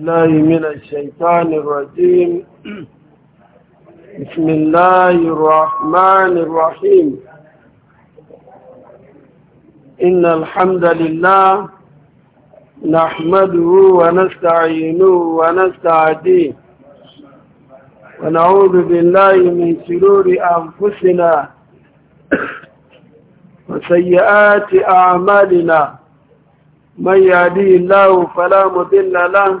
الله من الشيطان الرجيم بسم الله الرحمن الرحيم إن الحمد لله نحمده ونستعينه ونستعديه ونعوذ بالله من شرور أنفسنا وسيئات أعمالنا من يهديه الله فلا مضل له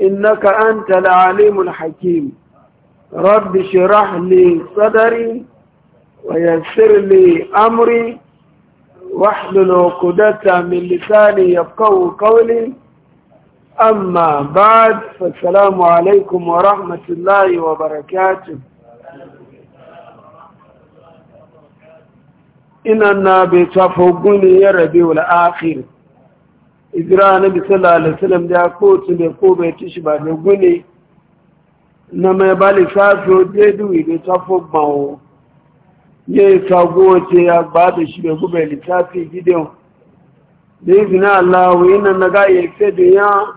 إنك أنت العليم الحكيم رب شرح لي صدري ويسر لي أمري واحلل عقدة من لساني يفقه قولي أما بعد فالسلام عليكم ورحمة الله وبركاته إننا بتفقني يا ربي الآخر izira na bisala alisalam da ko tu ne ko bai tishi ba da gune na mai ba lissafi o dedu ile ta fogba ya yi sago wace ya ba da shi da gube lissafi gidan da izina allahu yana na ga iya fe da ya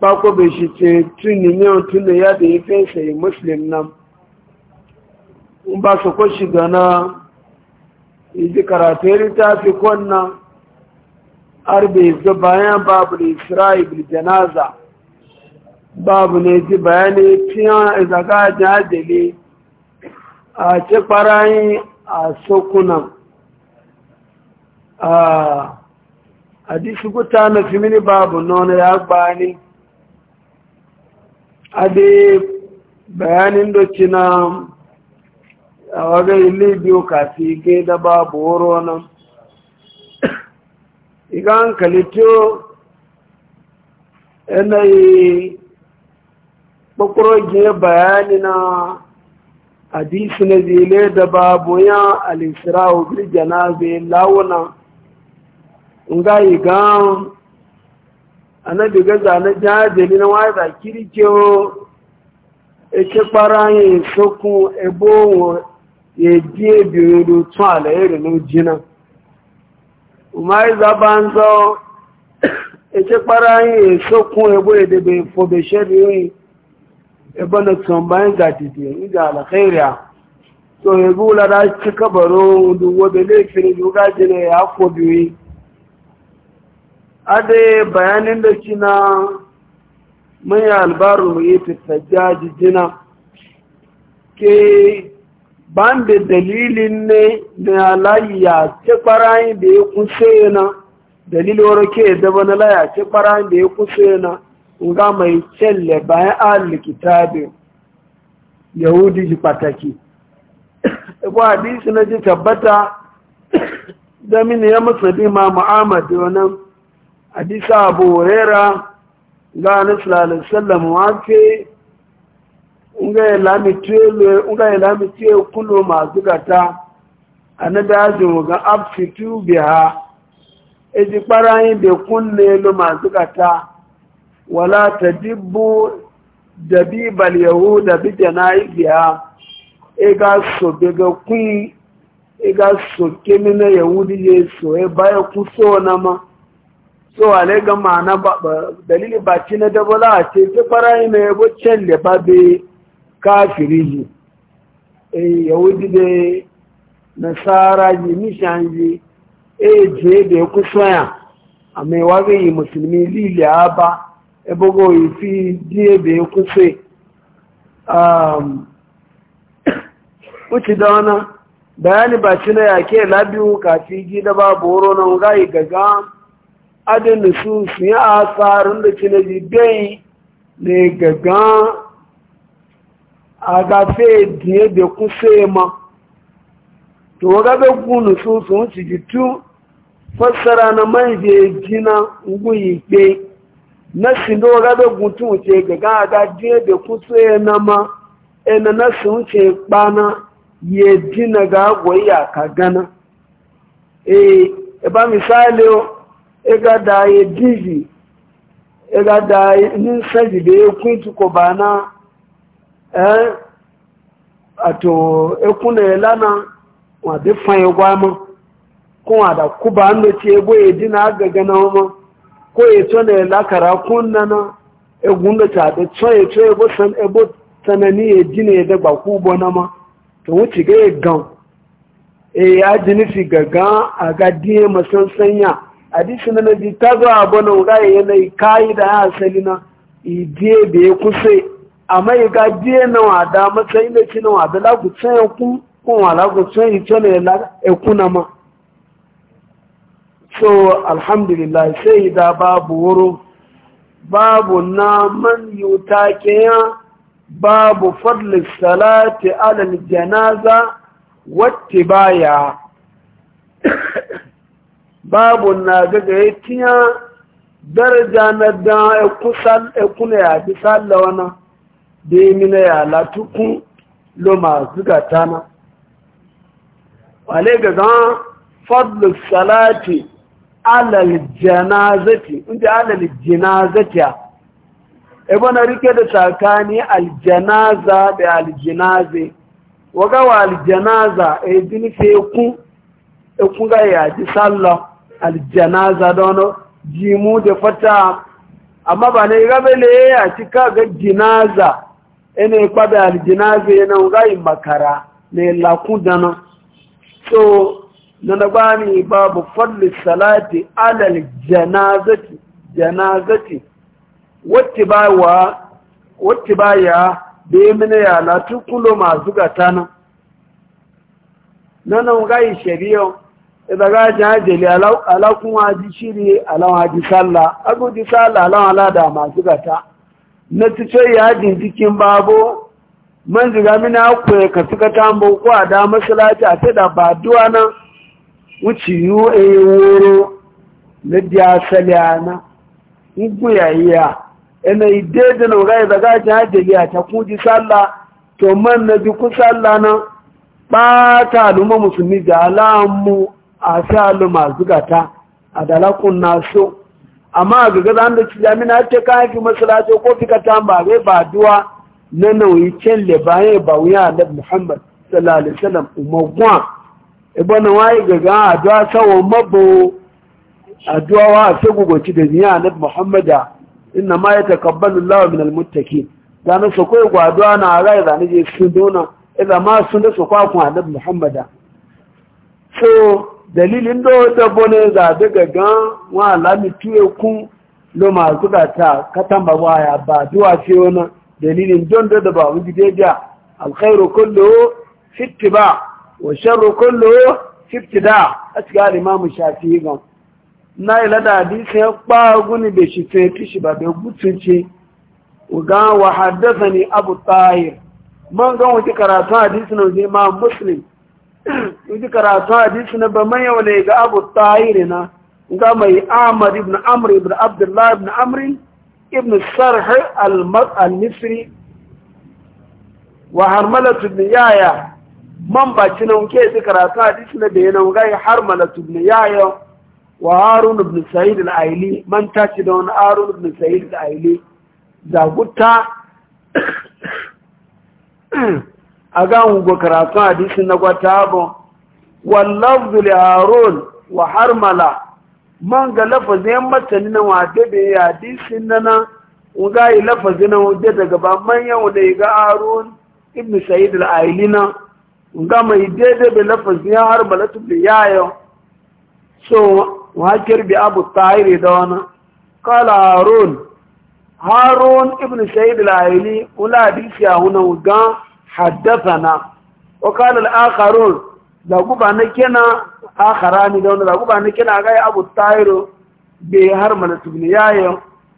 bako bai shi ce tuni ne tuni ya da ya fe sai muslim nan in ba su ko shiga na izi karatu ya littafi kwanna arbe ga bayan babu da isra'i bil janaza babu ne ji bayani tiyan zaga jajele a ce farayin a sokunan a hadisi guta na fimini babu nuna ya gbani ade bayanin doci na ga wajen ilibiyo kafi ga da babu wuro nan iga hankali to yanayi ɓakurogin bayani na hadisi na zile da babu ya alisirawo birjana zai launa nga iga anabi gaza na jajeli na wata kirkiyo eke kpara yin sokun ebo wọn ya di ebi oru tún alayi rinu jinan umariza banzo echekpara anyị esokwu egbo edebe fobesheri oyi ebe na tsomba anyị gadide ndị alakairia so ebe ụlara chikabaro ndị wobe laifin juga jina ya fobiwi ade bayanin da shi na albaru ya fi sajjaji jina ke ban da dalilin ne na layya ce farayin da ya kuse na dalilin wani ke daba na layya ce farayin da ya kuse na nga mai celle bayan alli kitabin yahudi ji pataki ibu hadisi na ji tabbata da mini ya musu ma mu'amad wani hadisa abu hurera ga wa ce ngayela mitiye kuno masu gata a na dajin ga afitu biya eji kparayin da kunne lo masu gata wala ta dibbo da bibal dabi bi janayi biya iga so bega kun iga so kemi na yahudi ya so e baya ku so na ma so ale ga ba dalili ba ci na dabola a ce ta na yabo can da babe káàkiri e, e, yi èyàwó dídé nasara yìí níṣàn yìí èjì èdè kú sọ́yà àmì ìwárí yìí mùsùlùmí lílẹ̀ àbá ẹgbogbo ìfí dí èdè kú sí ó ti dáná bayani ba shi na yake labiyu kafi gida babu wuro nan gayi gaga adin su su yi asarin da ci na jibe gaga agafe die da kusa ma to gabe gunu su sun ci tu fọsara na manje jina nguyi pe na sindo gabe gutu ce gaga aga die da kusa na ma ena na sun ce pana eji na ga ya ka gana ee ebe a misali o e da ya dizi ịga ga da e ni sajide ku ntụkọba na. eh na ekuna elana wa de ma gwama ko da kuba ando ce bo na agaga na mo ko eto na elakara kunna na egun da ta de so eto ebo san ebo tanani yedi ne da gba ku na ma to wuci ga gan e ya jini fi gaga aga die masansanya hadisi na nabi tazo abona uga yana kai da asali na idie be kusai a mai ga biye na wada matsayi da ci na wada lagucin ya kun kun wa lagucin yi ma so alhamdulillah sai da babu wuro babu na man yi take ya babu fadlis salati alal janaza wacce baya babu na gaga ya tiya daraja na da ya ya kuna ya fi sallawa na dai mina ya latukun lo masu gata wale ga zan fadlu salati alal janazati inda alal janazati e na rike da tsakani aljanaza da aljinaze waga wa aljanaza e dini fe ku e ku ga ya ji sallah aljanaza dono jimu da fata amma ba ne gabele ya cika ga jinaza ene kwabe aljinaze yana ngai makara ní la kudana so nana bani babu fadli salati ala janazati janazati wattibawa wattibaya be bí i la yà mazuga tana máa zúgà tánà idaga jajeli ala ala kun waji shiri na ce yajin jikin babo man ziga mina kwaye ka suka tambo ko a da masalaci a da ba duwa na wuce yiwu a yi woro na biya saliya na igu yayiya ina ide da na ga daga ji hajjaliya ta kuji sallah to man na ji ku sallah ba ɓata al'umma musulmi da alamu a sa al'umma ta a dalakun naso amma ga gaza da ci jami'a ce ka haifi masalaci ko fi fika ba zai ba duwa na nauyi da baye ba wuya da muhammad sallallahu alaihi wasallam umagwa ibana waye gaga duwa sawo mabo duwa wa sai gugoci da niya na a inna ma yatakabbalu Allahu minal muttaqin dan su koyi gwa duwa na rai da ne su dona idan ma sun da su kwa ku annabi muhammada so dalilin do ta bone za daga gan wa lami tuye kun lo ma ta katan ba waya ba duwa ce wani dalilin don da ba wuji daidai alkhairu kullu fi ittiba wa sharru kullu fi ibtida a cikin imam shafi'i gan na ila da hadisi ya ba ni be shi fe kishi ba be gutunce ga wa haddathani abu tahir man ga wuce karatu hadisi na ma muslim inji karatun hadisi na ba yau ne ga abu tahiri na ga mai amar ibn Amri, ibn abdullah ibn Amri, ibn sarh al-misri wa harmalatu ibn yaya man baci na nke ji karatu hadisi na bayan yana ga harmalatu ibn yaya wa harun ibn sa'id al-aili man taci da wani harun ibn sa'id al-aili guta aga ungo karatu hadisi na gwatabo wallafzu li harun wa harmala man ga lafazin matan na wade be hadisi nana unga yi lafazin na wade daga ba manyan wade ga harun ibn sa'id al-ailina unga mai daidai be lafazin harmala tu bi yayo so wakir bi abu tahir da wani. qala harun harun ibn sa'id al-aili ula hadisi a hunan gan haddathana wa qala al-akharun da guba na kena akharani da wanda da guba na kena ga Abu Tayro be har malatu ibn yayin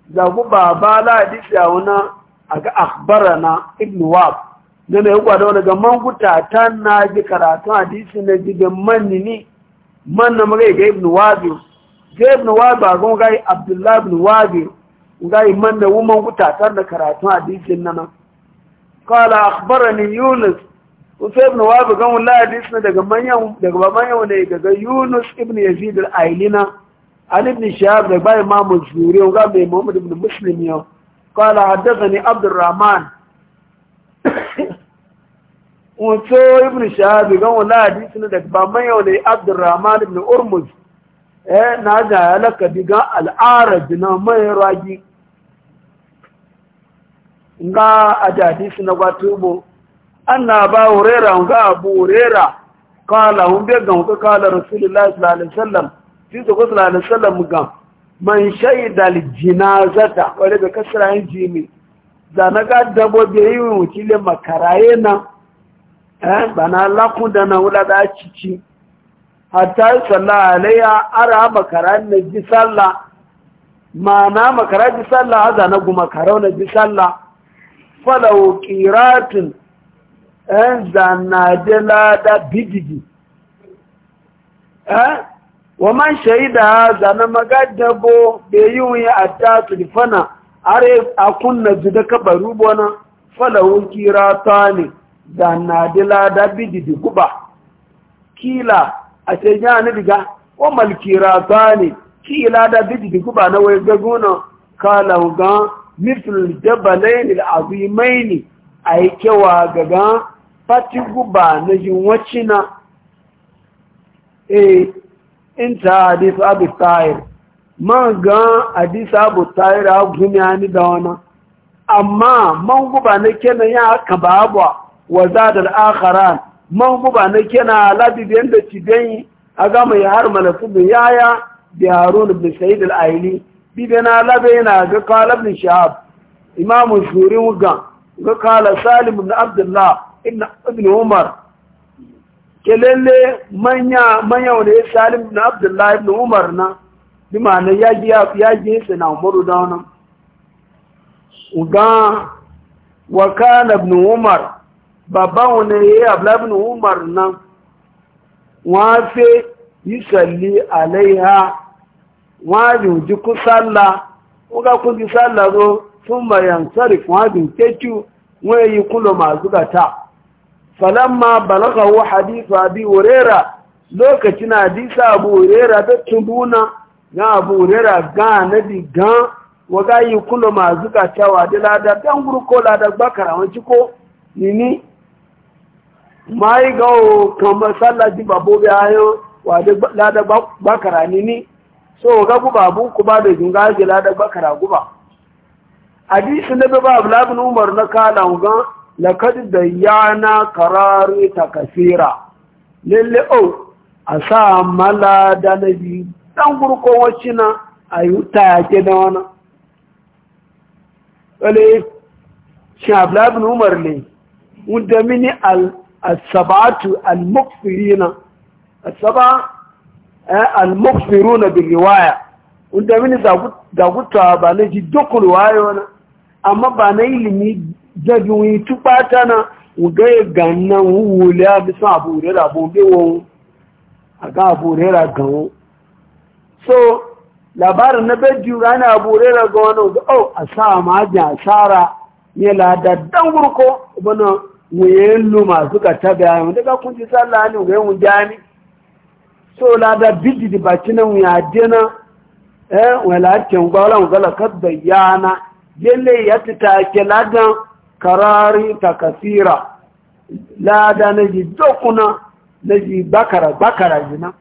da guba ba la dida wana aga akhbarana ibn wab ne ne gwa da daga manguta tan na ji karatu hadisi na ji da manni man na magai ga ibn wab ga ibn wab ga gon ga Abdullah ibn wab ga man da woman guta tan da karatu hadisin nan kala akhbarani yunus Usai ibn Wabi gan wula hadis daga manyan daga baban yau daga Yunus ibn Yazid al-Ailina an ibn Shahab da bai Imam Zuri ga mai Muhammad ibn Muslim yau qala haddathani Abdurrahman Usai ibn Shahab gan wula hadis ne daga baban yau ne Abdurrahman ibn Urmuz eh na ja alaka diga al-Arab na mai ragi nga ajadisi na gwatubo anna ba hurera nga abu hurera kala hun be ga hunka kala rasulullahi sallallahu alaihi wasallam fi zuwa sallallahu alaihi wasallam ga man shaida al jinazata wale be kasra ji jimi da na ga dabo be yi mutile makaraye na eh bana lakun da na wula da cici hatta sallallahu alaihi ara makaran na ji sallah ma na makaran ji sallah haza na guma karau na ji sallah falau ƙiratin, ‘yan eh, zanadela da bidigi eh, wa man shaida zana magadabo da yi wuyi a ta tasulifana a kunna zuda kaba rubona falawun kirata ne zanadela da bidigi guba kila a ce yana diga wa malkirata ne kila da bidigi guba na wai gagona kalaugan mitul jabalain al'azimain ai kewa gaga fati guba na wacina eh inta hadith abu tayr man ga hadith abu tayr agumiani ni dawana. amma man guba na kenan ya aka wa zadal akharan man guba na kenan labibiyan da cidan a ga mai har malafu yaya da harun bin sa'id al bibe na labe yana ga kala ibn shahab imam shuri wuga ga kala salim ibn abdullah ibn umar kelele manya manya wanda ya salim ibn abdullah ibn umar na bi ma'ana ya ji ya ji da wannan uga wa kana ibn umar babban wanda ya yi abla ibn umar nan wa fe yi salli alaiha wájú á kú sálà wọ́n ká kú ti sálà ló fún mayan sáré fún àbí kéjú wọ́n èyí kú lọ máa zuga ta falamma balaga wa hadithu abi huraira lokacin hadisa abu huraira da tubuna ga abu huraira ga nabi ga waga yi kula ma zuga cewa da lada dan gurko lada bakara wanci ko nini ma yi sálà jí sallaji babo bayan wa da lada bakara nìní so ga guba bu kuma da junga gila da bakara guba hadisi na bi babu umar na kala ga lakad da yana karare ta kasira lalle o oh, a sa mala da nabi dan gurko wacce na ayuta ke da wani wale shi ibn umar ne wanda mini al-sabatu al-mukfirina al-saba Eh, al-mukhbiruna bil riwaya wanda mini da gutawa ba na ji duk riwayo na amma ba na ilimi jabin yi tupata na ugaye gannan wula bisan abu rera abu bewon a ga abu rera gawo so labarin na bejiyu rana abu rera ga wani ga o oh, a sa majin asara ne ladaddan gurko wani wuyen luma suka tabi a yau daga kun ji sallani ne wuyen wujani so la da bidi di bakina ya dena eh wala ken gwala gala kad bayana yele ya tita ke ladan karari ta kasira la da naji dokuna naji bakara bakara jina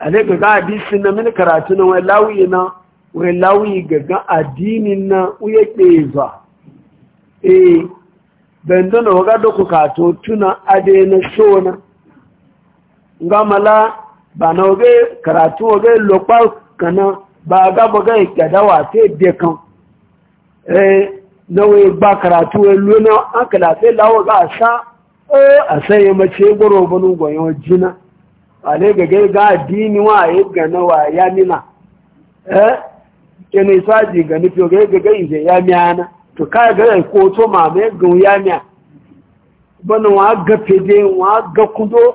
ale ga sin na min karatu na wai lawi na wai lawi ga addinin na uye keza eh no ga doku to tuna ade na shona ngamala ba na oge karatu oge lokpa kana ba ga boga ikadawa te de kan eh na we gba karatu we luna an te lawo ga sa eh asaye mace goro bunu goyon jina ale ga ga dini wa gana wa ya nina eh kene saji ga ni to ga ije ya miana to ka ga e ko gun ya miya bana wa wa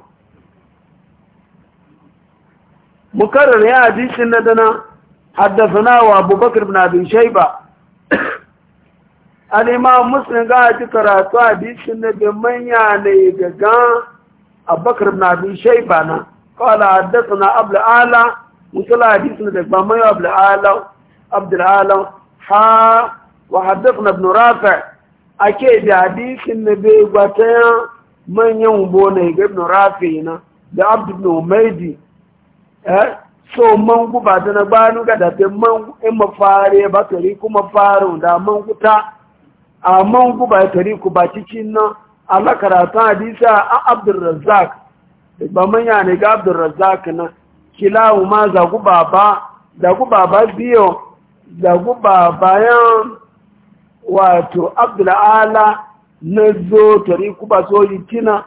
mukarrar ya hadisin na dana haddasana wa abubakar bin abin shaiba alima muslim ga karatu hadisin na bin manya ne gaga abubakar bin abin shaiba na kawala haddasana abdu'ala musula hadisin da ba mai abdu'ala abdu'ala ha wa haddasana ibn rafi ake da hadisin na bai gwata manyan ubo na ibn rafi na da abdu bin Eh, so mangu ba da na gbanu ga dafe mangu in mafare ba tari kuma farin da mangu ta a mangu ba tari ku ba cikin nan Allah karatun hadisa a Abdulrazzak ba manya ne ga Abdulrazzak nan kilawu ma ku baba ku baba biyo baba babayan wato Ala na zo tari ku ba so yi tina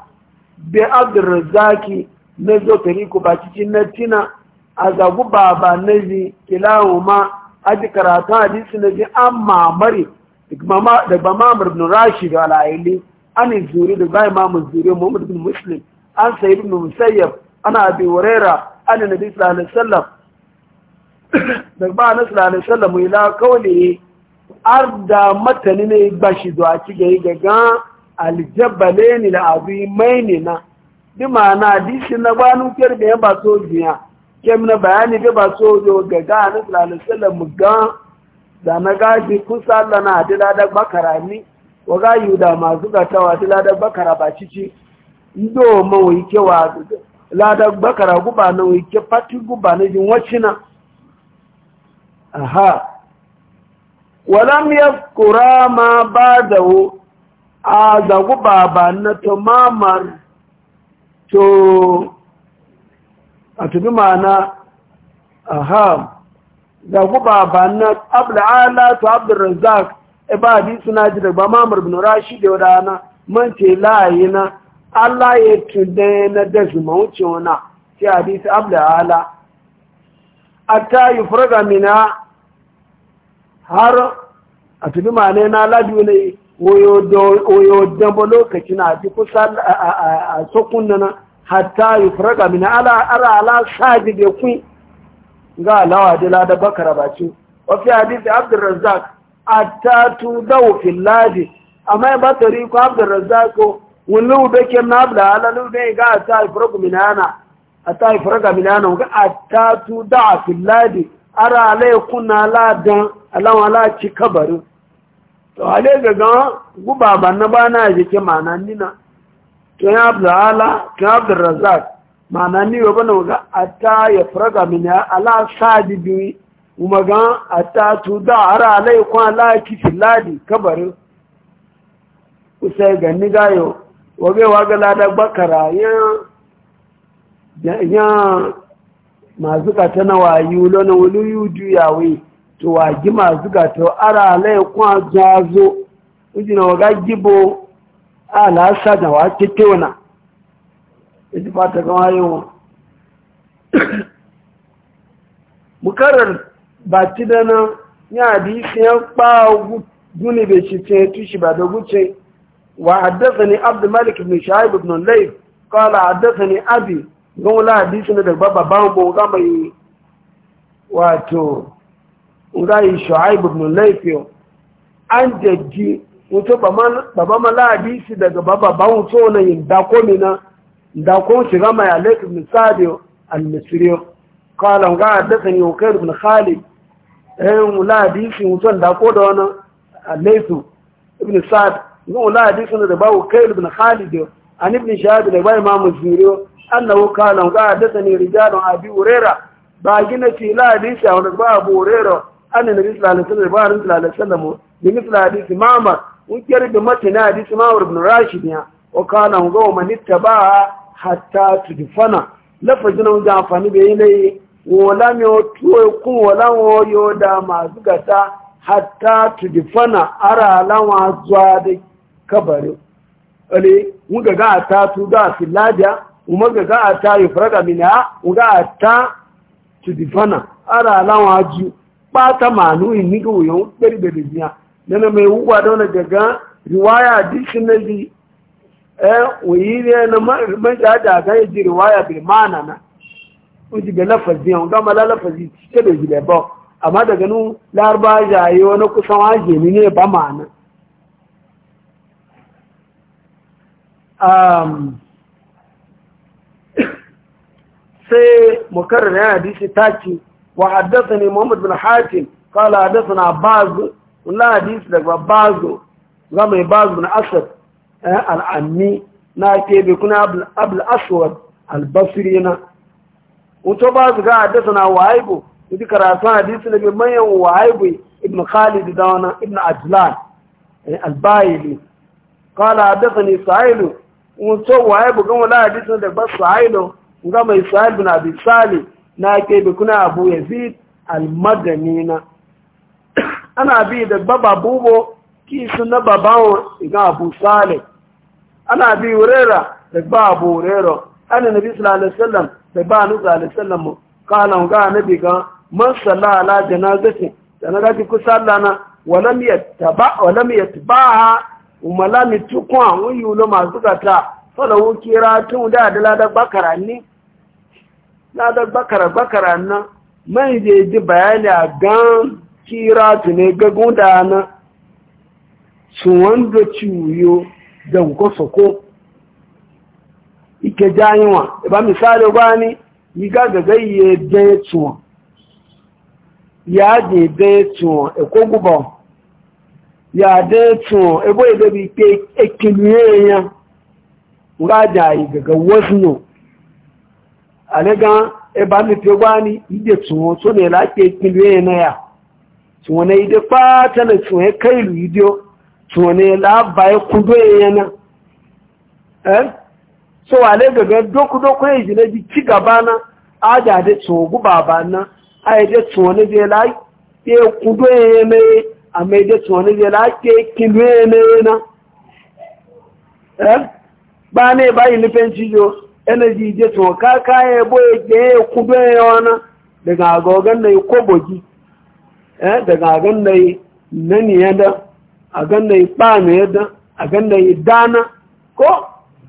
be Abdulrazzaki na zo tariku ba cikin na tina a zagu baba na zi kilahu ma a ji karatun hadisi na zi an mamari da ba mamar ibn rashid ala'ili an yi zuri da bayan mamar zuri muhammad ibn muslim an sayi ibn musayyab ana abi wurera an yi nabi sallallahu alaihi wasallam da ba na sallallahu alaihi wasallam la kawai ar da matani ne ba shi zuwa ci ga yi aljabale ne da abu mai ne na bi ma'ana hadisi na banu kyar da yan ba so biya kem na bayani bi ba so yo ga ga annabi sallallahu alaihi wasallam ga da na gashi kusa Allah na adila da bakara ni wa ga yuda masu ga tawa adila da bakara ba cici ndo mo yake wa la da bakara guba na yake fati guba na jin wacina aha walam kura ma ba da badahu a zaguba ba na tamamar to a tubi ma'ana aha da guba ba na abdu'ala to abdurrazzaq e ba di suna ji da ba mamar bin rashid da wadana man ce la'ayina Allah ya tunde na da su mawuce wana ce hadisi abdu'ala atta yufraga mina har a tubi ma'ana na ladu ne oyo dambo lokaci na ji kusa a sokunnana hatta yufraga min ala ara ala sabi be ku ga lawa de la da bakara baci wa fi hadith abdur razzaq hatta tudaw fil ladi amma ba tari ko abdur wani wulu da ke na abla ala lu a ga yi yufraga min ana yi yufraga min ana ga hatta tudaw fil ladi ara ala ya kunna ala dan ala wala ci kabarin to ale ga ga guba ban na bana jike manan nina kan abdul ala kan abdul razak ma'ana ni wa bana ga atta ya faraga min ala sajidi umaga atta tu da ara alai kwan la kisiladi kabarin usai ganni gayo wage waga lada bakara ya ya masu ta na wayu na wani yuju yawe to wagi masu kata ara alai kwan jazo ujina waga gibo wa dàwà kété ọ̀nà ìdí pàtàkì wáyé wa. bukarar ba ti dana ya isi ya kpa guni bai shi ce tushi ba da guce wa haddasa ni abdu malik ibn shahib ibn laif kala haddasa ni abi don wula hadisi na daga babban bonga mai wato ngayi shahib ibn laif yau an jaji wato baba maladi shi daga baba ba wato na yin dako na. dako shiga mai ya laifin misali al-misri qala ga hadathani ukair ibn khalid ɗayan eh, muladi shi wato dako da wani alaisu ibn sa'd ibn muladi shi da ba ukair ibn da an ibn shahab da ba imam zuri annahu qala ga hadathani rijalun abi urera ba gina ce ladi shi a wani ba abu urera annabi na alaihi wasallam ba sallallahu alaihi wasallam بمثل حديث mamar. wukiyar da matina hadisi ma'awar bin rashid ya wa kana hu gawa man ittaba hatta tudfana lafazin hu da amfani da yanayi wala mi o tuwo ku wala wo yo da masu gata hatta tudfana ara lawa zuwa da kabari ale mun ga ga ta tu da filaja Mun ga ga ta yufraga mina mu ga ta tudifana. ara lawa ju pata manu ni go yo beri beri ya nana mai wuwa dauna daga riwaya dictionary eh wuyi ne na mai da ga yi riwaya bil mana na uji da lafazi yau ga mala lafazi cike da gile ba amma daga nu larba yi wani kusan waje ne ba mana um sai mukarrar yana hadisi taki wa haddathani muhammad bin hatim qala haddathana ba'd wala hadisi da bazo zama bazo na asad eh, al'ammi na kebe kuna abul aswad albasiri na wato bazo ga haddasa na wahaibu wadda karatu hadisi daga manyan wahaibu ibn khalid da wani ibn ajlan eh, albayili kala haddasa ne sahilu wato wahaibu wala hadisi daga ba sahilu ga mai sahilu na bisali na kebe kuna abu yazid almadani na ana bi da baba bubo ki suna babawo iga abu sale ana bi wurera da ba abu wurera ana nabi sallallahu alaihi wasallam da ba nu sallallahu alaihi wasallam kana ga nabi ga man salla ala janazati janaza ki ku sallana walam yattaba walam yattabaha umalami tukwa won yulo ta gata fara kira tun da adala da bakara ni na da bakara bakara nan mai je ji bayani a gan kira tune ga gudana su wanda ciwuyo don kwasa ike janyuwa ba misali gwani yi gaga gaiye daya tuwa ya je daya tuwa ekwo guba ya daya tuwa ebo idebe ike ekiliye ya ngaja igaga wasu a daga eba mife gwani ije tuwa so ne lafiya ekiliye na ya tuwane ide fata na kailu idio tuwane tsuwane labaye kudo yana eh so wale gaga doku doku ya ji ci gaba na aja ade tsogu baba na aja ya je la yana a ya da tsuwane ya ke yana eh ba ne ba yi energy je tsoka kaya boye ya kudo yana daga agogan na eh daga agan da yi nani yadda agan da yi ɓana yadda agan na yi dana ko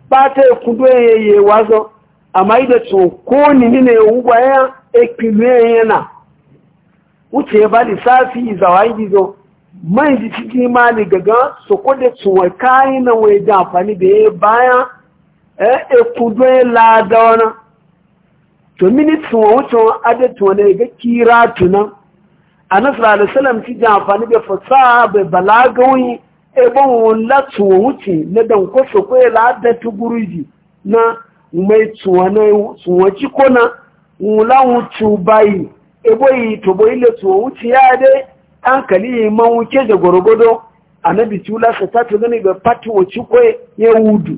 ba ta yi kudu yayye wazo amma yi da tsoko ni ne ya wuba e ya ekpime yana wuce ba lissafi safi yi iji man ji ciki ma ni gaga su kwada tsuwa kayi na wai da amfani da ya baya eh ekudu ya lada wani to mini tsuwa wuce wani adatuwa na ya ga kira tunan anasara alisalam ti jẹ àǹfààní be fọsá bẹ balagoyin ebe wọn láti wọn wuce na dan ko so ko ya lada tu na mai tuwana tuwa ci kona wula wucu bayi ebo yi to bo ile tuwa wuce ya de an kali man wuce da gorogodo anabi tula sa ta ta gani ga pati wuce ko ya wudu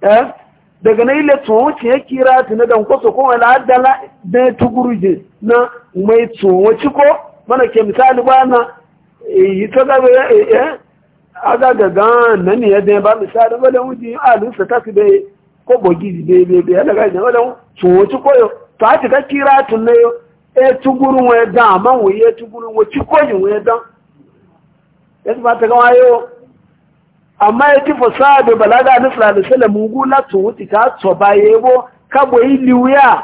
eh daga na ile tsohon ci ya kira ta na dan kwaso ko wala adala ya tuguruje na mai tsohon ci ko mana ke misali ba na eh, yi ta gaba ya eh, eh, eh aga ne ya ba misali ba da wuji ta kibe ko bogi be bai bai daga tsohon ci ta ci ka kira tun na yau e ya tuguru ya amma ya ci fasada balaga na sallallahu alaihi mugu la tun wuti ka to baye bo ka bo ili wuya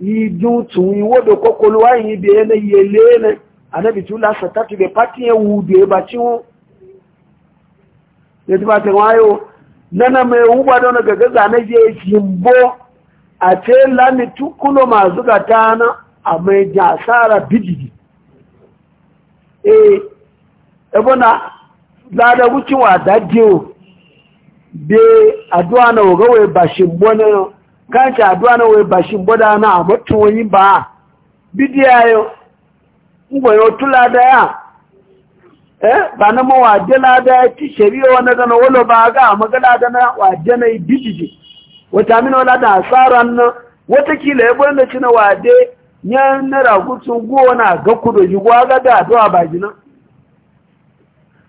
yi ju tun yi wodo kokolo wa yi be na yele na anabi tu la satatu be pati e wu de ba ci wo ya ti ba te wayo nana me wu ba don ga gaza na je jimbo a te la ni tukulo ma zuga tana a mai jasara bididi eh ebona lada wucin wa dajiyo be aduwa na waga wai ba shi bona na wai ba shi na amma wani ba bidiya yo ngo yo tula ya eh ba na mo de lada ya ti shari'a wannan da wolo ba ga ma da na waje na bidiji wata min wala na wata kila ya bonna cina na na ga kudo yi gwa ba jinan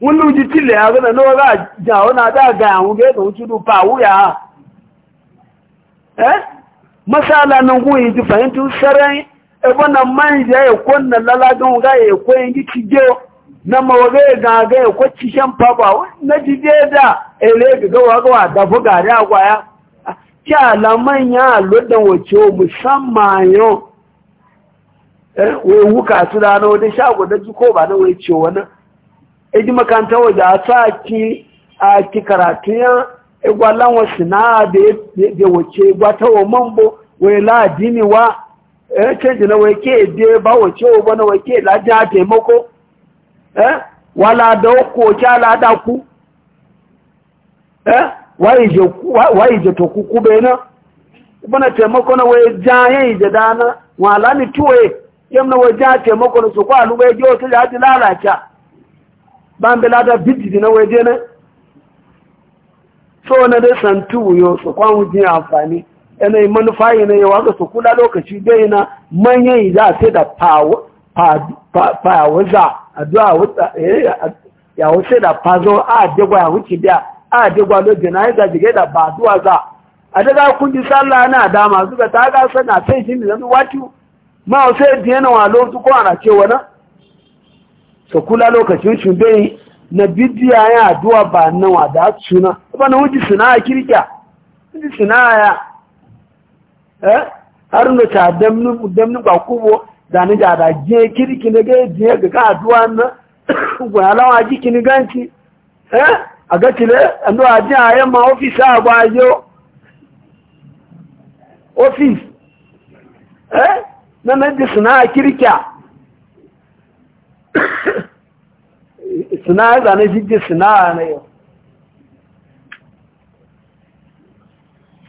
wọ́n ló ya tílẹ̀ na ló rà jà a náà dága ga gẹ́gùn túnú pa àwúyà ẹ́ masala ya gún ìjú fahimtí na máa ń yẹ ẹ̀kọ́ na lálágún ga ẹ̀kọ́ yìí ti jẹ́ na mawọ́gẹ́ gaga ẹ̀kọ́ na ti jẹ́ agwa ya. gẹ́gẹ́wàgọ́wà dàbọ́ gàrí àgbáyá kí àlàmọ́nyà lọ́dọ̀ wọ̀ce musamman yau ewu kàtúrà náà wọ́n dẹ́ ṣàgbọ́dẹ́ kó eji makaranta waje a sa ki a ki karatu ya igwalan e wasu na da wace gwata wa mambo wai ladini wa eh canji na wake de ba wace wa bana wake ladin a taimako eh wala da ko kya lada ku eh wai je to ku kube na bana taimako na wai jaye je dana wala ni tuwe yamna wai ja taimako na su kwa lubai je wata da lalaca bambela da bididi na waje na so na dai santu yo su kwanwu jin amfani yana yi manufa yi na yi waka su kula lokaci dai na manyan yi za sai da fawaza addu'a ya wuce da fazo a adigwa ya wuce biya a adigwa lobe na yi zajige da ba addu'a za a daga kunji sallah na dama zuga ta gasa na sai shi ne zanu wati ma sai diyana wa lotu ko ana cewa na so kula lokacin shi na bidiya ya addu'a ba nan wa da suna ba na wuji suna a kirkiya wuji suna ya eh har no ta damnu damnu ba kubo da ni da da je kirki ne ga je ga ka addu'a na gwa lawa office a ba eh? office eh na na ji suna a kirkiya suna zane jijji suna na yau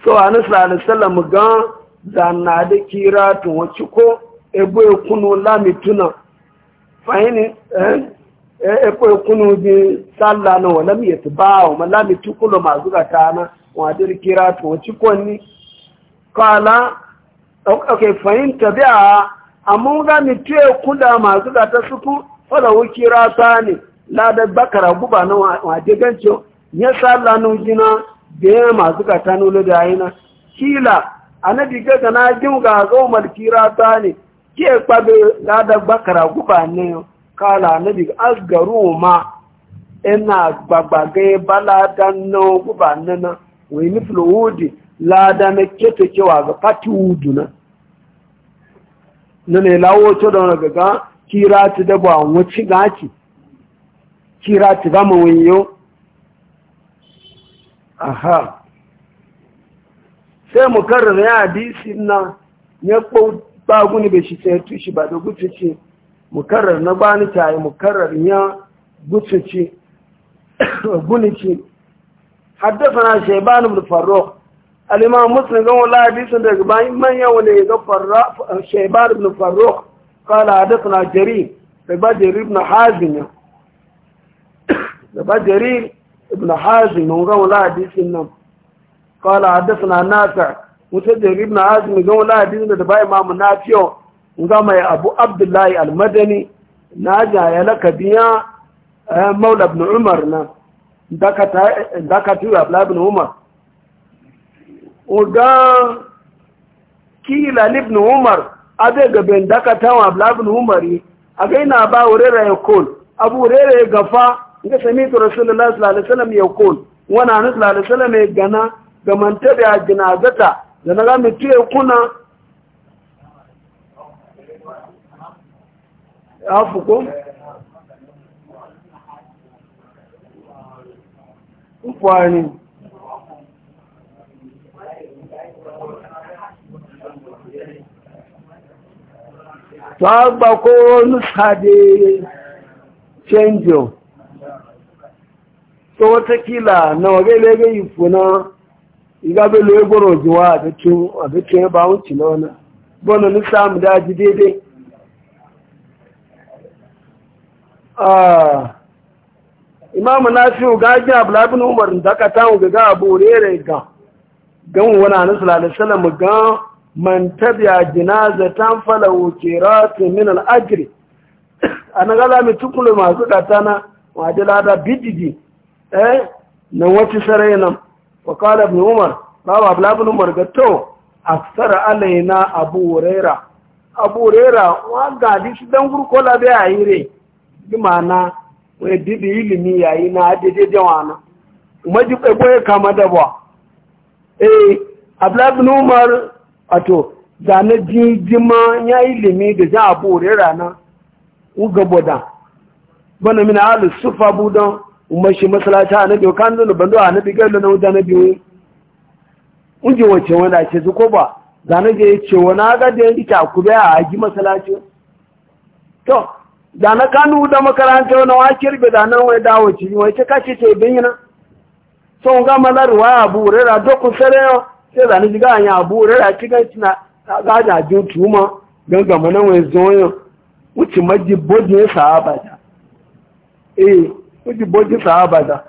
so a nasa alisala mugan zana da kira tun wacce ko ebo ekunu lamituna fahini eh, eh, ebo ekunu bi salla na wala mi yati ba wa malami tukulo masu ga tana wadir kira tun ko ni kala ok biya fada wuki rata ne ladar bakara guba na waje ya sa lanu jina da ya masu ka ta da yana kila a na diga ga na jin ga zo malki ta ne ke kwabe ladar bakara guba ne kala na diga asgaru ma ina gbagbage ba balada na guba nana ni nufin wudi ladan na keta cewa ga fati wudu na lawo to da wani gaga kira ti dabo àwọn tí ake kira ti bá mọ̀ aha sai mu karrara ya hadisi na ya guni bai shi sai tushi ba da gutuci mu karrara na bani yi mu karrara ya gutuci gunici حدثنا شيبان بن فروخ الإمام مسلم قال والله حديث من يولي شيبان بن فروخ قال عدقنا جرير لبا ابن حازم لبا ابن حازم من قول حديث النم قال عدقنا نافع وتجرير ابن حازم من قول حديث لبا إمام من قول أبو عبد الله المدني ناجع يلك بيا آه، مولى ابن عمر نعم ذاك تيو عبد الله بن عمر وقال كيل لابن عمر abe ga ben dakatawa blabin umari a gaina ba wurera ya kol abu wurera ya gafa inda sami to rasulullahi sallallahu alaihi wasallam ya kol wana na sallallahu alaihi wasallam ya gana ga manta da jinazata da na ga mutu ya kuna ko Kwani. tó á gbà kó ní sáàdé ṣẹ́ńjọ tó wọ́tẹ́kílà náà gẹ́gẹ́ ìfò náà ìgbàbẹ̀lẹ̀ ẹgbọ́rọ̀ òjòwà àbẹ́kẹ́ bá ń tì lọ́nà bọ́nà ní sáàmù dájí imamu nafi'u gaji abulabin umar da aka abu rere ga gan wani anisu gan man tabi'a jinazatan falahu qiratu min al-ajri anagala mitukulu masu katana wajila da bidigi eh nan wace sarai nan wa qala ibn umar baba abla ibn umar gato aksara alaina abu huraira abu huraira wa ga disi dan gurkola be ayire bimana we bibi ilimi yayi na adede dewana umaji kwegwe kama dabwa eh abla ibn umar ato zane jijima ya ilimi da za a bore rana uga boda bana mina alu sufa budan umarshi masalata a biyu kan nuna bando a bi gailu na wuda na biyu unji wace wanda ce su ko ba zane da ya ce wani aga ya ita kube a haji masalata to zane kanu da makaranta wani wakil bai nan wai dawo ci wace kace ce bin yana sun gama na ruwa abu rera dokun sarewa sai zane ji ganya abu rara kigan suna gaja jin tuma ga na wani zoyon wuce maji bojin sahaba da eh wuce bojin sahaba da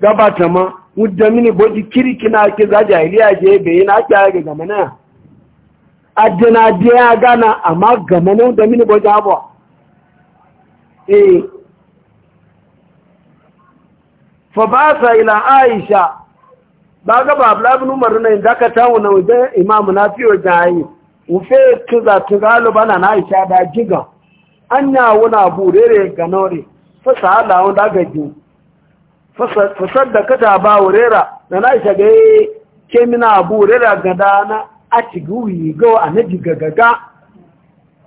gabata ma wudda mini boji kiriki na ake zaja iliya je bayi na ake aga gama na adina je ya gana amma gama na wudda mini boji abuwa eh fa ba sa ila aisha ba ga ba ibn Umar na da ka tawo na wajen imamu na fiye jayi ufe tuza tugalo bana na aisha da giga an ya wuna burere ga nore fasa da gaji fa fa da kata ba wurera na na aisha ga yi kemina burera ga dana a ciguwi go a giga gaga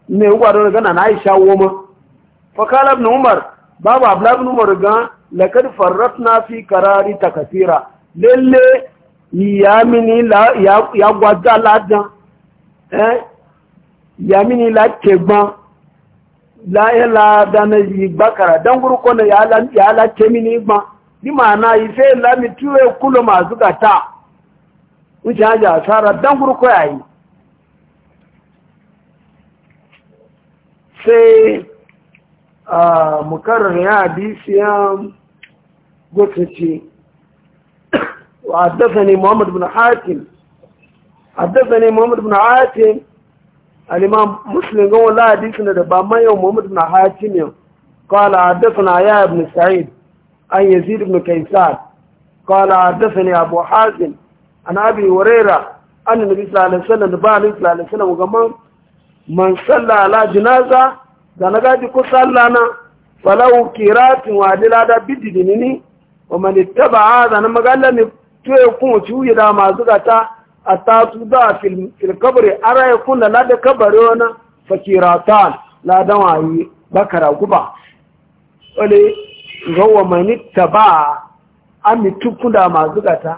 ne wadda ga na aisha woma kala na umar abla ibn umar ga lakar farratna fi karari ta kasira lélé ìyàmí ní ìyàgbàdá ládán ìyàmí ní ìlàkẹgbọn láyẹ́lá dáná ìgbàkàrà dángúrúkọ́ na yàálà tẹ́mí ní ìgbà ní màánà ìfẹ́ ìlàmì túwẹ́ kúlọ máa zúkà táà ń ṣe ájá sára dángúrúkọ́ yàáyí sai a mukarrar ya ya وحدثني محمد بن حاتم حدثني محمد بن حاتم الإمام مسلم قال لا حديثنا دبا ما يوم محمد بن حاتم يوم قال حدثنا يا ابن سعيد أن يزيد بن كيسان قال حدثني أبو حازم أن أبي هريرة أن النبي صلى الله عليه وسلم نبى النبي صلى الله عليه وسلم وقمان من صلى على جنازة da صلى gaji ku sallana falau kiratin wa dilada bididinini wa man ittaba hadha na magalla to ya kun ci da masu gata a za a filkabari a kuna kun da lada kabari wani fakiratan ladan wayi bakara guba wale gawa mani ba a mitukun da masu gata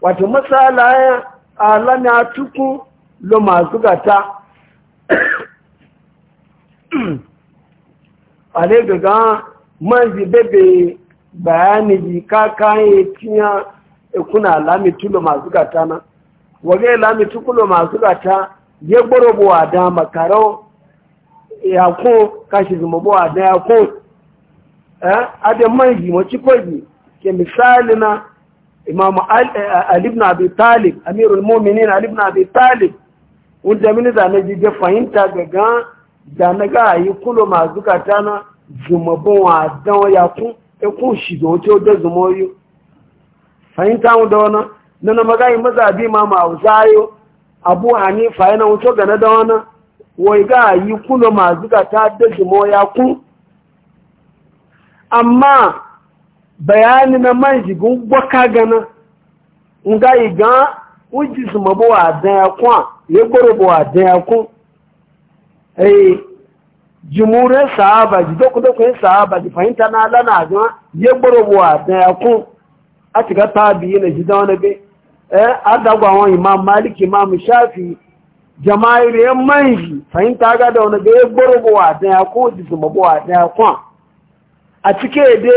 wata matsala ya alami a tukun lo masu gata ale gaga manzi bebe bayani bi kakaye tiya kuna lami tulo masu gata na wage lami tulo masu gata ya gboro buwa da makaro ya ko kashi zuma buwa da ya ko eh adam manji mo cikoji ke misali na imamu eh, ali ibn abi talib amirul mu'minin ali ibn abi talib wanda mini da na ji fahimta gaga da na ga yi kulo masu gata na zuma buwa da ya ko e ko shi do to da zumoyu fahimta mu da wani nana magayi mazabi ma ma uzayo abu hanifa yana wuce gane da wani wai ga yi kuno ma zuga ta daji mo ya ku amma bayani na man jigin gwaka gana nga yi uji su ma wa adan ya a ya gboro bo adan ya ku eh jimurin sahaba ji dokudokunin sahaba ji fahimta na lana gan ya gboro bo adan ya ku a shiga tabi'i na shi zaune bai eh adagwawan imam malik imam shafi jama'ir yan manji fahimta ga da wani da ya e gborgowa da ya ko jisumagowa da ya kwan a cike da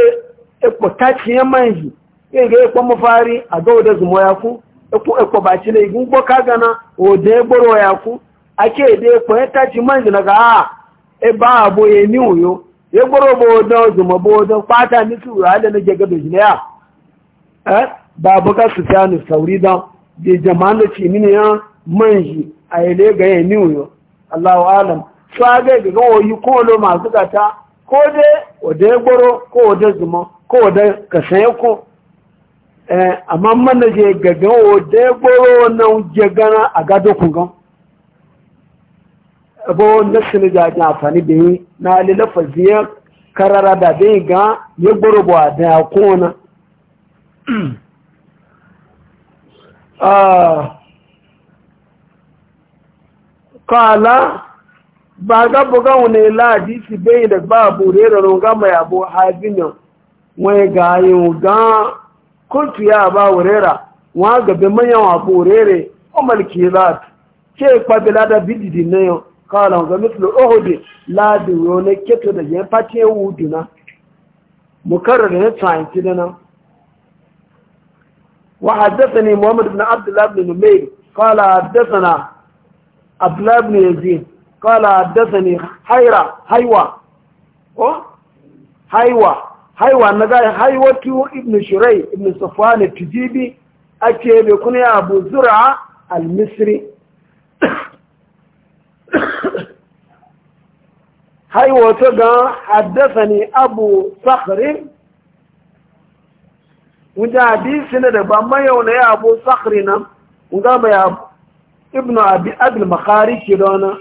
ikpo e taci yan manji ya e ga ikpo mafari a ga da zumo ya ku ikpo ikpo ba ci laifin gboka gana o da ya gboro ya ku a ke da ikpo ya taci manji na ga a e ba abo ya ni uyo ya gboro bo da zumo bo da fata ni su ra da na gaga da jinaya babu ga su ni sauri da je jama'an da ce mini ya manji a yale ga ya niyo Allahu alam sage ga ga goyi ko lo masu gata ko dai wadai goro ko wadai zuma ko ka kasaye ko eh, amma mana je o wadai goro nan je gana a gado ku ga abo nasin da ya fani da yi na alilafa ziyar karara da bai ga ya goro ba da ya na. Ah. kala ba ga buga wani ladi si bai da ba bure da runga mai abu hajjinin wai ga yin ga kultu ya ba wurera wa gabe manyan wa burere umar kirat ce kwabila da bididi na yau kala ga mislu da da nan وحدثني محمد بن عبد الله بن نمير قال حدثنا عبد الله بن يزيد قال حدثني حيرة حيوة حيوة حيوة نقال حيوة ابن شري ابن صفوان التجيبي أكي يكون يا أبو زرع المصري حيوة قال حدثني أبو صخر wanda hadisi na daga mayau na ya abu sakhri nan wanda mai ibnu abi adl makhari ke da wani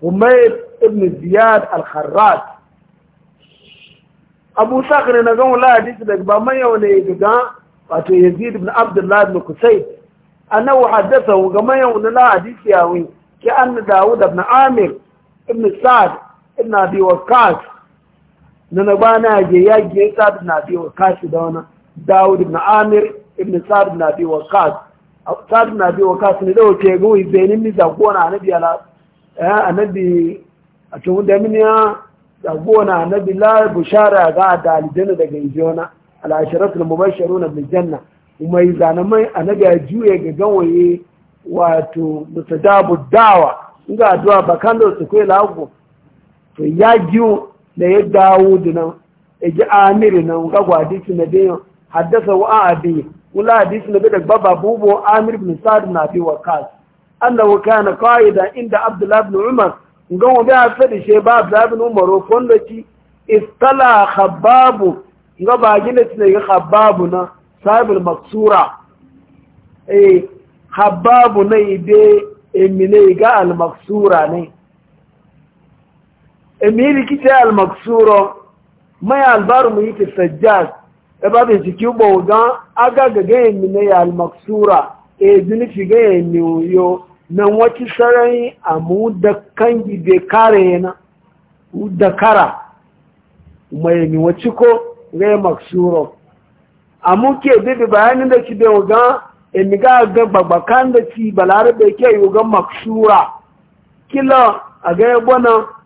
humayr ibn ziyad al-kharrat abu sakhri na gan wala hadisi da ba mayau ya ga wato yazid ibn abdullah ibn kusayd annahu haddathahu ga mayau na la hadisi yawi ki anna dawud ibn amir ibn sa'd ibn abi waqas nana ba na je ya ge sa'd ibn abi waqas da wana daud na amir ibn sa'd ibn abi waqas sa'd ibn wa waqas ne da wace go ibenin ni da na annabi ala eh, annabi a cikin da mini ya da gona annabi la bushara ga dalidan daga injona al asharatul mubashshirun bil janna mai zanamai annabi ya juye ga gawaye wato mutadabu dawa inga addu'a bakando su kai lagu to ya giyo Da ya dawo da nan a ji amiri nan gagwa hadisi na biyu haddasa wa abi wula hadisi na da baba bubo amir bin sadu na biyu wa kas annahu kana qaida inda Abdullahi bin umar ga wa biya sadi she ba Abdullahi bin umar ko lati istala khabbab ga ba gina tine ga khabbab na sahibul maksura eh khabbab ne be emine ga al maksura ne emiri kice almaksuro mai albaru mu yake sajjad e ba be jiki bo ga aga ga ga ne almaksura e jini fi ga yin yo na wati sarai amu da kangi be kare na u da kara mai ni wati ko ga maksuro amu ke bibi bayanin da ki be ga emi ga ga gbagba kan da ci balarabe ke yo ga maksura kila a ga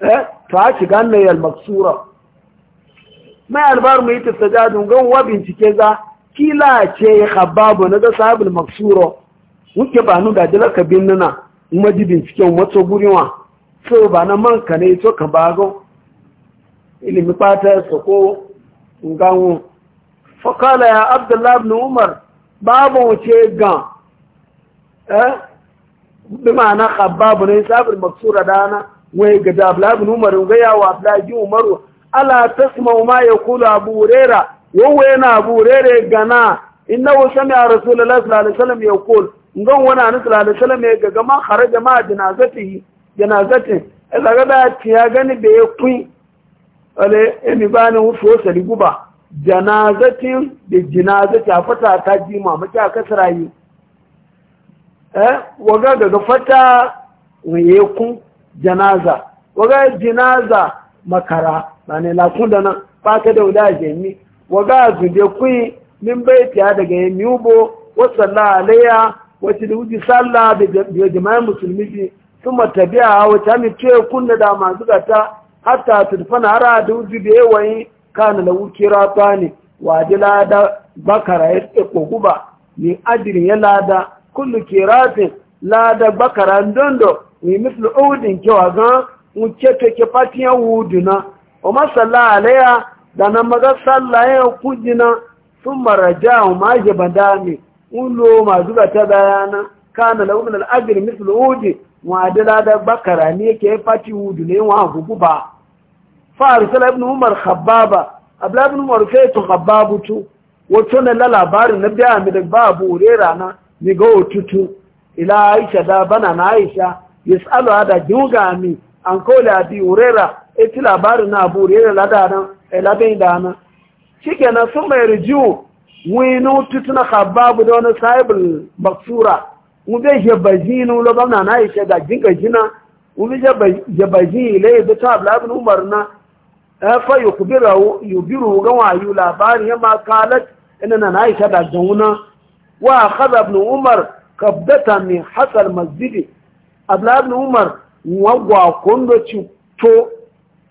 eh to a shiga maksura mai albar mai tattajadun gan wa bincike za kila ce hababu na ga sahabul maksura wuke ba nu da dalaka bin nuna kuma ji binciken wato guriwa so ba na ka ne to ka bago ilimi fata su ko gano fakala ya abdullahi ibn umar babu wuce gan eh bi ma'ana hababu ne sahabul maksura dana wai ga da abdullahi umar ga yawa abdullahi umaru ala tasma ma ya kula abu rera wawa yana abu rera gana innahu sami'a rasulullahi sallallahu alaihi ya yaqul ngon wana ni sallallahu alaihi ya ga gama har ma janazatihi janazati ya ga da ya gani eh, da ya kun ale emi bani wuto sali guba janazatin da jinazati a fata ta jima mace a kasarayi eh waga daga fata ya kun janaza waga jinaza makara bane la kunda nan ba ka da wuda jemi waga zuje ku min bai tiya daga yemi wa salla alayya wa tilwuji salla da jama'a musulmi ji kuma tabiya wa ta mi ce kunna da masu gata hatta tulfana hara da wuji da yawayi kana la wukira tani wa dila da bakara ya ko guba ni ajirin ya lada kullu kiratin lada bakara dondo ni mislu udin A ga wuce take fatiyan wuduna ma masalla alaya da na maga sallaye kujina sun maraja je maje badami ulo ma ga ta bayana kana launin al'ajir mislu wa adala da bakara ne ke pati wuduna ne wa gugu ba fa'arisala ibn umar khababa abla ibn umar sai to khabbabutu wato la labarin na biya mi da babu rera na mi ga otutu ila aisha da bana na aisha yasalu hada juga mi an kola bi urera eti labarin na abu urera ladanan elabin dana shikenan sun mai rijiyo winu tituna khababu da wani sahibul baksura ube jabazinu lo gwamna e na na ishe da jinka jina ube jabazin ile da ta ablabin umar na fa yubiru ga wayu labarin ya makalat ina na ishe da zauna wa khazab ibn umar kabdata min hasal masjidi abdullahi umar wa gwakon da ci to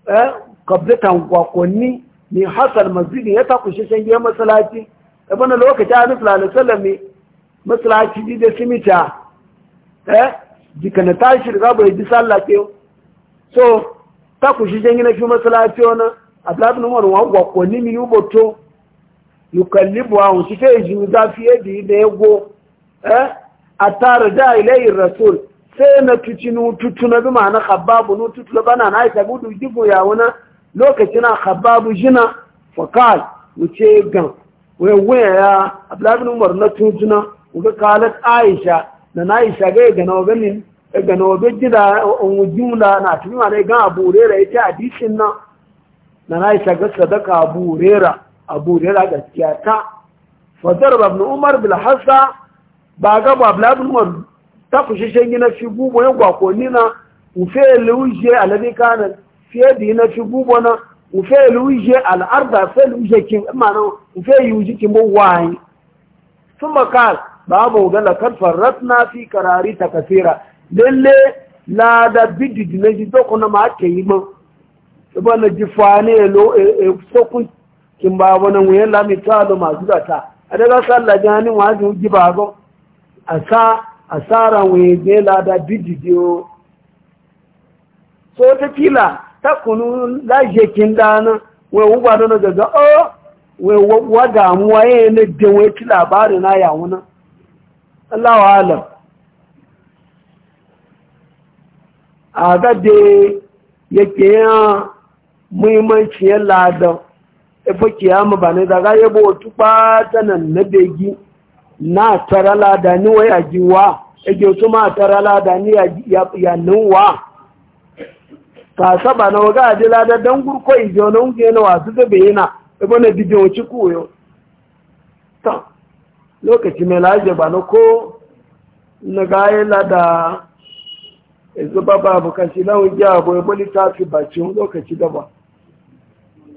eh kabdatan gwakonni ni hasar masjidin ya takushe san giya masalaci ibn lokaci a nufi lalasallam ne masalaci da simita eh na tashi da bai ya ji sallake so takushe san gina fi masalaci wani abdullahi umar wa gwakonni mi yuboto yukallibu ahun shi ke ji zafi yadda ya go eh a tara da ilayin rasul sai na tuci nu tutu na bi ma'ana khababu nu tutu bana na aisha gudu jigo ya wana lokacin na khababu jina fakal wuce gan wai waya ya abdullahi umar na tutuna uga kalat aisha na na aisha ga ga na ganin ga na wani gida on na tuni ma dai ga abu rera ta hadisin na na na aisha ga sadaka abu rera abu rera gaskiya ta fa darba ibn umar bil hasa ba ga abdullahi umar ta ku shishen gina fi gubo ya gwakoni na ufe lujiye alabika na fiye da yi na fi gubo na ufe lujiye al'arda fe lujiye kin ma'ana ufe yuji kin bo wayi sun makal babu gala karfar ratna fi karari ta kasira lalle la da bidid na ji doko na ma ake yi man ba na ji fane lo e, e sokun kin ba wani wuyen lamita da masu zata a daga sallah jani wajen ji ba a sa asara wee je lada bidide o so wataƙila ta kunu kin dana wai wuba na daga o wai wa amuwa ya na da ti labari na yawuna Allah wa alam a gade yake yan muhimmancin yan ladan ifa kiyama ba ne daga yabo tukpa ta nan na begi na tara lada ni wa ya jiwa ege to ma tara lada ni ya ya nuwa ka saba na waga adi da don gurko ijo na nke na wasu da bayina ebo na o ci kuyo ta lokaci mai laje ba na ko na gaye lada yanzu ba ba bukaci na wuge abu ebo littafi bacin lokaci gaba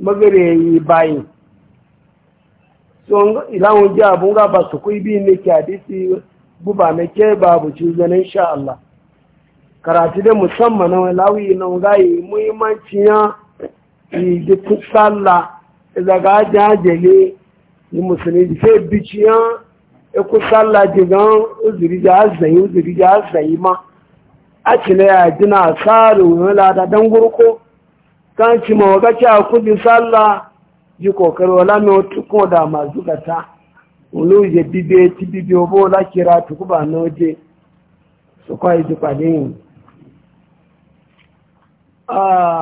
magare yi bayin so ilahun ji abun ga ba su kui bi ne ke hadisi guba mai ke babu ci zanen sha Allah karatu da musamman na lawi na gayi muhimmanci ya yi sallah daga jajele yi musulmi da sai biciyan iku sallah jigan uzuri azayi uzuri azayi ma a cile ya jina tsari wani lada don gurko kan ci mawagaci a kudin sallah ji kokaro wala no tuko da masu gata olu je bibe ti bibe obo la kira tuku ba no je so kwa ah